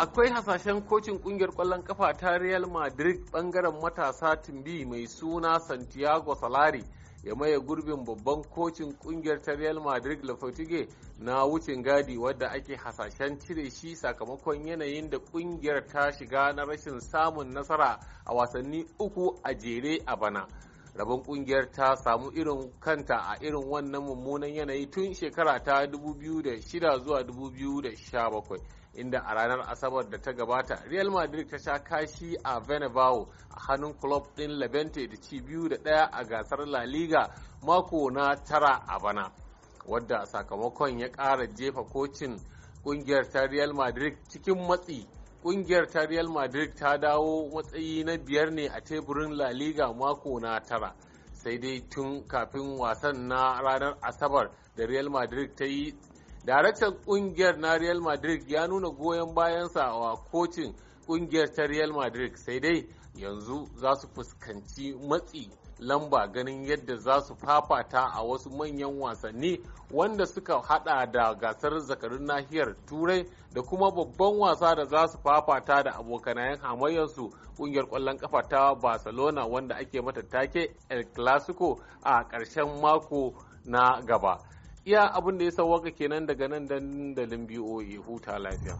akwai hasashen kocin kungiyar kwallon kafa ta real madrid bangaren matasa tumbi mai suna santiago salari ya maye gurbin babban kocin kungiyar ta real madrid la lafotige na wucin gadi wadda ake hasashen cire shi sakamakon yanayin da kungiyar ta shiga na rashin samun nasara a wasanni uku a jere a bana rabon kungiyar ta samu irin kanta a irin wannan mummunan yanayi tun shekara ta 2006 zuwa 2017 inda a ranar asabar da ta gabata real madrid ta sha kashi a venevao a hannun club din levante da ci biyu da daya a gasar la liga mako na tara a bana wadda sakamakon ya kara jefa kocin kungiyar ta real madrid cikin matsi kungiyar ta real madrid ta dawo matsayi na biyar ne a teburin la liga mako na tara sai dai tun kafin wasan na ranar asabar da real madrid ta yi daraktan kungiyar na real madrid ya nuna goyon bayansa a kocin kungiyar ta real madrid sai dai yanzu za su fuskanci matsi lamba ganin yadda za su fafata a wasu manyan wasanni wanda suka hada da gasar zakarun nahiyar turai da kuma babban wasa da za su fafata da abokanayen hamayyarsu kungiyar kwallon kafa ta barcelona wanda ake mata take el clasico a ƙarshen mako na gaba iya abin da ya sauwaka kenan daga nan dandalin boa huta lafiya